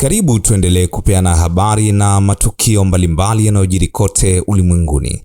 Karibu tuendelee kupeana habari na matukio mbalimbali yanayojiri kote ulimwenguni.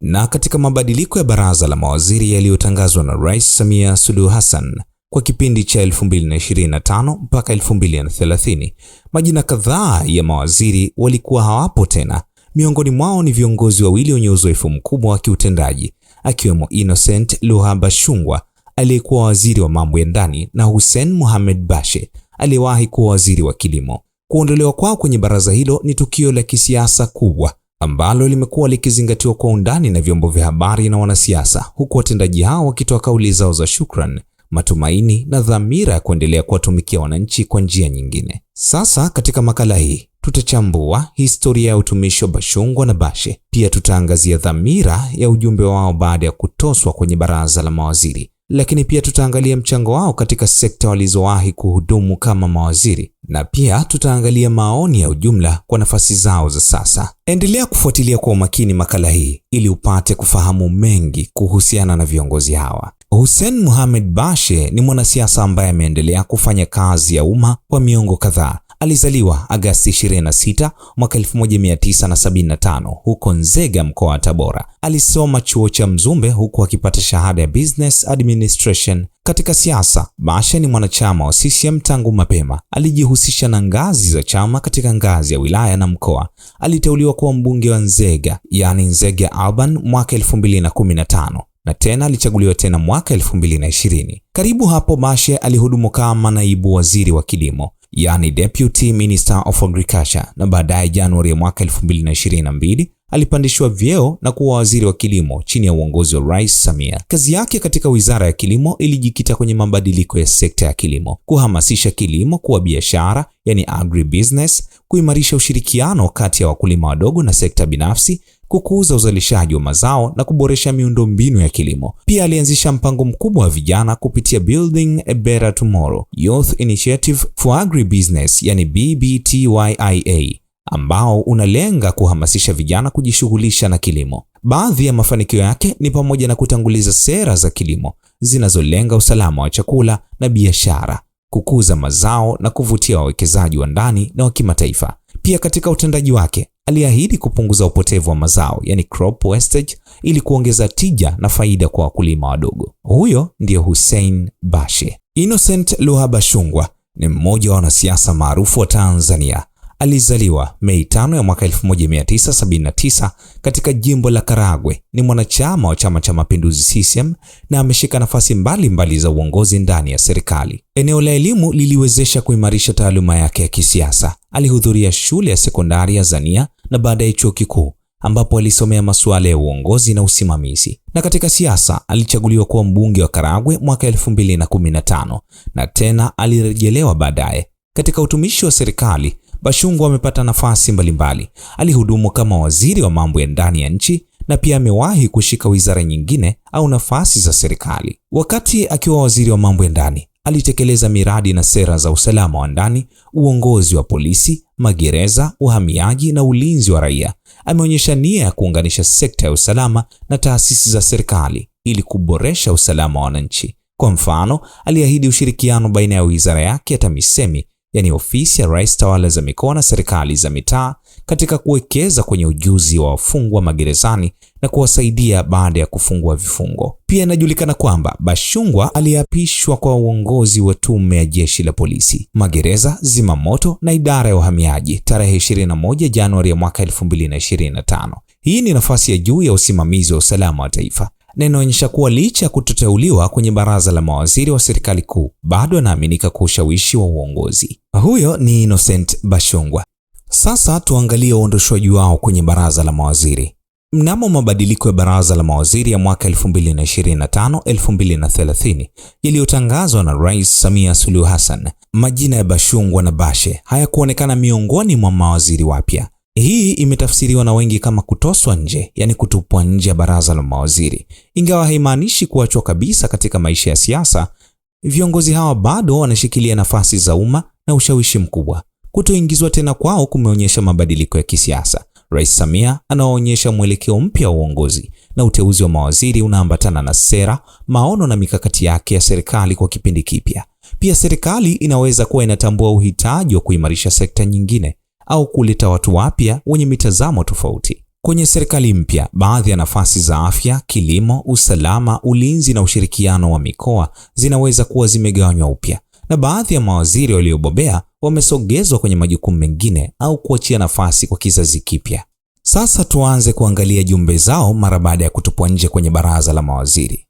Na katika mabadiliko ya baraza la mawaziri yaliyotangazwa na Rais Samia Suluhu Hassan kwa kipindi cha 2025 mpaka 2030, majina kadhaa ya mawaziri walikuwa hawapo tena. Miongoni mwao ni viongozi wawili wenye uzoefu mkubwa wa kiutendaji, akiwemo Innocent Luha Bashungwa aliyekuwa waziri wa mambo ya ndani na Hussein Mohamed Bashe aliyewahi kuwa waziri wa kilimo. Kuondolewa kwao kwenye baraza hilo ni tukio la kisiasa kubwa ambalo limekuwa likizingatiwa kwa undani na vyombo vya habari na wanasiasa, huku watendaji hao wakitoa kauli zao za shukran, matumaini na dhamira ya kuendelea kuwatumikia wananchi kwa njia nyingine. Sasa katika makala hii tutachambua historia ya utumishi wa Bashungwa na Bashe. Pia tutaangazia dhamira ya ujumbe wao baada ya kutoswa kwenye baraza la mawaziri lakini pia tutaangalia mchango wao katika sekta walizowahi kuhudumu kama mawaziri na pia tutaangalia maoni ya ujumla kwa nafasi zao za sasa. Endelea kufuatilia kwa umakini makala hii ili upate kufahamu mengi kuhusiana na viongozi hawa. Hussein Mohamed Bashe ni mwanasiasa ambaye ameendelea kufanya kazi ya umma kwa miongo kadhaa Alizaliwa Agasti 26 mwaka 1975 huko Nzega, mkoa wa Tabora. Alisoma chuo cha Mzumbe huku akipata shahada ya business administration. Katika siasa, Bashe ni mwanachama wa CCM tangu mapema. Alijihusisha na ngazi za chama katika ngazi ya wilaya na mkoa. Aliteuliwa kuwa mbunge wa Nzega, yani Nzega Urban mwaka 2015 na tena alichaguliwa tena mwaka 2020. Karibu hapo Mashe alihudumu kama naibu waziri wa kilimo yani Deputy Minister of Agriculture, na baadaye Januari ya mwaka 2022 alipandishwa vyeo na kuwa waziri wa kilimo chini ya uongozi wa Rais Samia. Kazi yake katika wizara ya kilimo ilijikita kwenye mabadiliko ya sekta ya kilimo, kuhamasisha kilimo kuwa biashara, yani agribusiness, kuimarisha ushirikiano kati ya wakulima wadogo na sekta binafsi kukuza uzalishaji wa mazao na kuboresha miundombinu ya kilimo. Pia alianzisha mpango mkubwa wa vijana kupitia Building a Better Tomorrow Youth Initiative for Agribusiness, yani BBTYIA, ambao unalenga kuhamasisha vijana kujishughulisha na kilimo. Baadhi ya mafanikio yake ni pamoja na kutanguliza sera za kilimo zinazolenga usalama wa chakula na biashara, kukuza mazao na kuvutia wawekezaji wa ndani na wa kimataifa. Pia katika utendaji wake aliahidi kupunguza upotevu wa mazao, yani crop wastage, ili kuongeza tija na faida kwa wakulima wadogo. Huyo ndiyo Hussein Bashe. Innocent Luha Bashungwa ni mmoja wa wanasiasa maarufu wa Tanzania. Alizaliwa Mei 5 ya mwaka 1979 katika jimbo la Karagwe. Ni mwanachama wa Chama cha Mapinduzi CCM na ameshika nafasi mbalimbali mbali za uongozi ndani ya serikali. Eneo la elimu liliwezesha kuimarisha taaluma yake ya kisiasa. Alihudhuria shule ya sekondari ya Zania na baadaye chuo kikuu ambapo alisomea masuala ya uongozi na usimamizi. Na katika siasa alichaguliwa kuwa mbunge wa Karagwe mwaka 2015 na tena alirejelewa baadaye. Katika utumishi wa serikali, Bashungwa amepata nafasi mbalimbali. Alihudumu kama waziri wa mambo ya ndani ya nchi na pia amewahi kushika wizara nyingine au nafasi za serikali. Wakati akiwa waziri wa mambo ya ndani, alitekeleza miradi na sera za usalama wa ndani, uongozi wa polisi, magereza, uhamiaji na ulinzi wa raia. Ameonyesha nia ya kuunganisha sekta ya usalama na taasisi za serikali ili kuboresha usalama wa wananchi. Kwa mfano, aliahidi ushirikiano baina ya wizara yake ya TAMISEMI, yani ofisi ya Rais, tawala za mikoa na serikali za mitaa, katika kuwekeza kwenye ujuzi wa wafungwa magerezani na kuwasaidia baada ya kufungwa vifungo. Pia inajulikana kwamba Bashungwa aliapishwa kwa uongozi wa tume ya jeshi la polisi, magereza, zimamoto na idara ya uhamiaji tarehe 21 Januari ya mwaka 2025. Hii ni nafasi ya juu ya usimamizi wa usalama wa taifa na inaonyesha kuwa licha ya kutoteuliwa kwenye baraza la mawaziri wa serikali kuu, bado anaaminika kwa ushawishi wa uongozi. Huyo ni Innocent Bashungwa. Sasa tuangalie uondoshwaji wao kwenye baraza la mawaziri. Mnamo mabadiliko ya baraza la mawaziri ya mwaka 2025 2030 yaliyotangazwa na Rais Samia Suluhu Hassan, majina ya Bashungwa na Bashe hayakuonekana miongoni mwa mawaziri wapya. Hii imetafsiriwa na wengi kama kutoswa nje, yani kutupwa nje ya baraza la mawaziri. Ingawa haimaanishi kuachwa kabisa katika maisha ya siasa, viongozi hawa bado wanashikilia nafasi za umma na ushawishi mkubwa. Kutoingizwa tena kwao kumeonyesha mabadiliko ya kisiasa Rais Samia anaonyesha mwelekeo mpya wa uongozi na uteuzi wa mawaziri unaambatana na sera, maono na mikakati yake ya serikali kwa kipindi kipya. Pia serikali inaweza kuwa inatambua uhitaji wa kuimarisha sekta nyingine au kuleta watu wapya wenye mitazamo tofauti. Kwenye serikali mpya, baadhi ya nafasi za afya, kilimo, usalama, ulinzi na ushirikiano wa mikoa zinaweza kuwa zimegawanywa upya na baadhi ya mawaziri waliobobea wamesogezwa kwenye majukumu mengine au kuachia nafasi kwa kizazi kipya. Sasa tuanze kuangalia jumbe zao mara baada ya kutupwa nje kwenye baraza la mawaziri.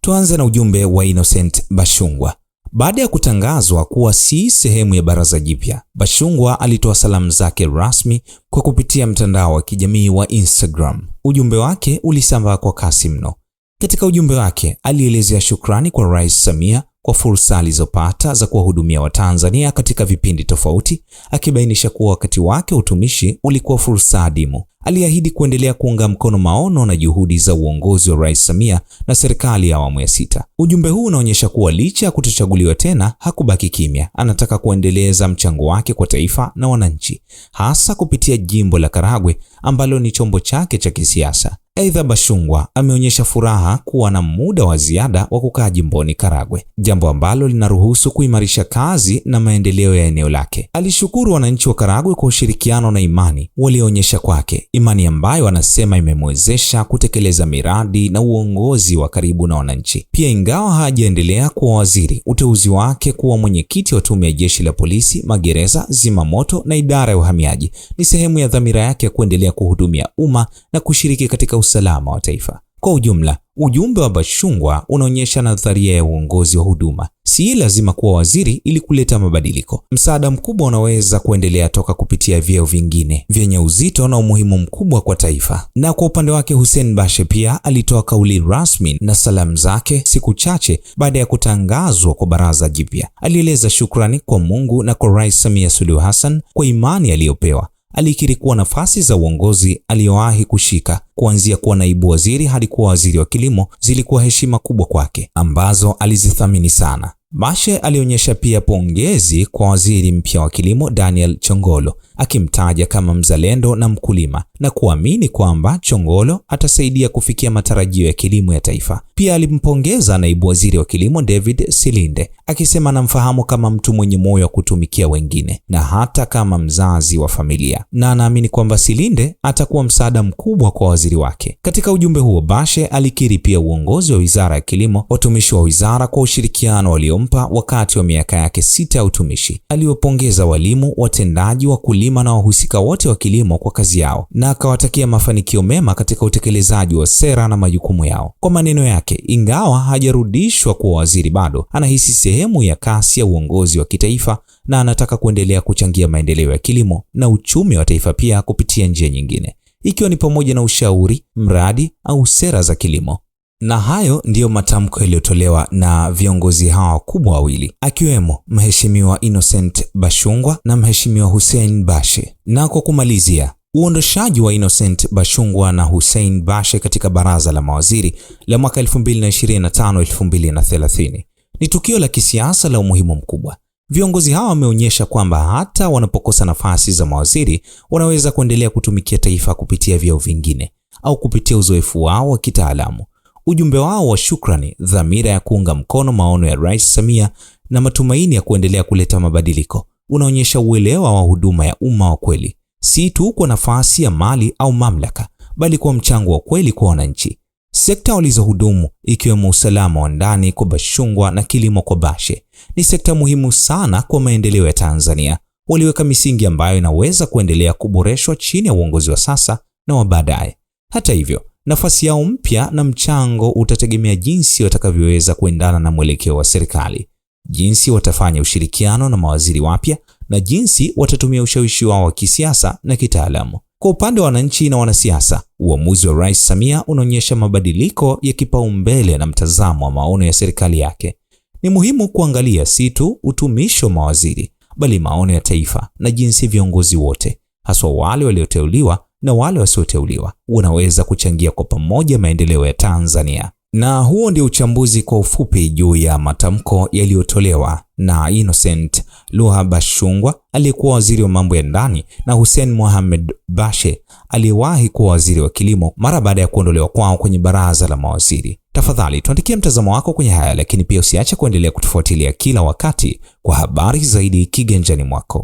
Tuanze na ujumbe wa Innocent Bashungwa. Baada ya kutangazwa kuwa si sehemu ya baraza jipya, Bashungwa alitoa salamu zake rasmi kwa kupitia mtandao wa kijamii wa Instagram. Ujumbe wake ulisambaa kwa kasi mno. Katika ujumbe wake alielezea shukrani kwa Rais Samia kwa fursa alizopata za kuwahudumia Watanzania katika vipindi tofauti, akibainisha kuwa wakati wake utumishi ulikuwa fursa adimu. Aliahidi kuendelea kuunga mkono maono na juhudi za uongozi wa Rais Samia na serikali ya awamu ya sita. Ujumbe huu unaonyesha kuwa licha ya kutochaguliwa tena, hakubaki kimya. Anataka kuendeleza mchango wake kwa taifa na wananchi, hasa kupitia jimbo la Karagwe ambalo ni chombo chake cha kisiasa. Aidha, Bashungwa ameonyesha furaha kuwa na muda wa ziada wa kukaa jimboni Karagwe, jambo ambalo linaruhusu kuimarisha kazi na maendeleo ya eneo lake. Alishukuru wananchi wa Karagwe kwa ushirikiano na imani walioonyesha kwake, imani ambayo anasema imemwezesha kutekeleza miradi na uongozi wa karibu na wananchi. Pia, ingawa hajaendelea kuwa waziri, uteuzi wake kuwa mwenyekiti wa tume ya jeshi la polisi, magereza, zimamoto na idara ya uhamiaji ni sehemu ya dhamira yake ya kuendelea kuhudumia umma na kushiriki katika usalama wa taifa. Kwa ujumla, ujumbe wa Bashungwa unaonyesha nadharia ya uongozi wa huduma. Si lazima kuwa waziri ili kuleta mabadiliko. Msaada mkubwa unaweza kuendelea toka kupitia vyeo vingine vyenye uzito na umuhimu mkubwa kwa taifa. Na kwa upande wake, Hussein Bashe pia alitoa kauli rasmi na salamu zake siku chache baada ya kutangazwa kwa baraza jipya. Alieleza shukrani kwa Mungu na kwa Rais Samia Suluhu Hassan kwa imani aliyopewa Alikiri kuwa nafasi za uongozi aliyowahi kushika kuanzia kuwa naibu waziri hadi kuwa waziri wa kilimo zilikuwa heshima kubwa kwake ambazo alizithamini sana. Mashe alionyesha pia pongezi kwa waziri mpya wa kilimo Daniel Chongolo, akimtaja kama mzalendo na mkulima na kuamini kwamba Chongolo atasaidia kufikia matarajio ya kilimo ya taifa. Pia alimpongeza naibu waziri wa kilimo David Silinde, akisema anamfahamu kama mtu mwenye moyo wa kutumikia wengine na hata kama mzazi wa familia, na anaamini kwamba Silinde atakuwa msaada mkubwa kwa waziri wake. Katika ujumbe huo, Bashe alikiri pia uongozi wa wizara ya kilimo, watumishi wa wizara kwa ushirikiano walio aliyompa wakati wa miaka yake sita ya utumishi. Aliwapongeza walimu, watendaji, wakulima na wahusika wote wa kilimo kwa kazi yao na akawatakia mafanikio mema katika utekelezaji wa sera na majukumu yao. Kwa maneno yake, ingawa hajarudishwa kuwa waziri, bado anahisi sehemu ya kasi ya uongozi wa kitaifa na anataka kuendelea kuchangia maendeleo ya kilimo na uchumi wa taifa pia kupitia njia nyingine, ikiwa ni pamoja na ushauri, mradi au sera za kilimo. Na hayo ndiyo matamko yaliyotolewa na viongozi hawa wakubwa wawili akiwemo Mheshimiwa Innocent Bashungwa na Mheshimiwa Hussein Bashe. Na kwa kumalizia, uondoshaji wa Innocent Bashungwa na Hussein Bashe katika baraza la mawaziri la mwaka 2025-2030 ni tukio la kisiasa la umuhimu mkubwa. Viongozi hawa wameonyesha kwamba hata wanapokosa nafasi za mawaziri wanaweza kuendelea kutumikia taifa kupitia vyeo vingine au kupitia uzoefu wao wa kitaalamu ujumbe wao wa shukrani, dhamira ya kuunga mkono maono ya Rais Samia na matumaini ya kuendelea kuleta mabadiliko, unaonyesha uelewa wa huduma ya umma wa kweli, si tu kwa nafasi ya mali au mamlaka, bali kwa mchango wa kweli kwa wananchi. Sekta walizohudumu ikiwemo usalama wa ndani kwa Bashungwa na kilimo kwa Bashe ni sekta muhimu sana kwa maendeleo ya Tanzania. Waliweka misingi ambayo inaweza kuendelea kuboreshwa chini ya uongozi wa sasa na wa baadaye. Hata hivyo, nafasi yao mpya na mchango utategemea jinsi watakavyoweza kuendana na mwelekeo wa serikali, jinsi watafanya ushirikiano na mawaziri wapya na jinsi watatumia ushawishi wao wa kisiasa na kitaalamu. Kwa upande wa wananchi na wanasiasa, uamuzi wa Rais Samia unaonyesha mabadiliko ya kipaumbele na mtazamo wa maono ya serikali yake. Ni muhimu kuangalia si tu utumishi wa mawaziri, bali maono ya taifa na jinsi viongozi wote, haswa wale walioteuliwa, na wale wasioteuliwa unaweza kuchangia kwa pamoja maendeleo ya Tanzania. Na huo ndio uchambuzi kwa ufupi juu ya matamko yaliyotolewa na Innocent Luha Bashungwa aliyekuwa waziri wa mambo ya ndani na Hussein Mohamed Bashe aliyewahi kuwa waziri wa kilimo mara baada ya kuondolewa kwao kwenye baraza la mawaziri. Tafadhali tuandikie mtazamo wako kwenye haya, lakini pia usiache kuendelea kutufuatilia kila wakati kwa habari zaidi kiganjani mwako.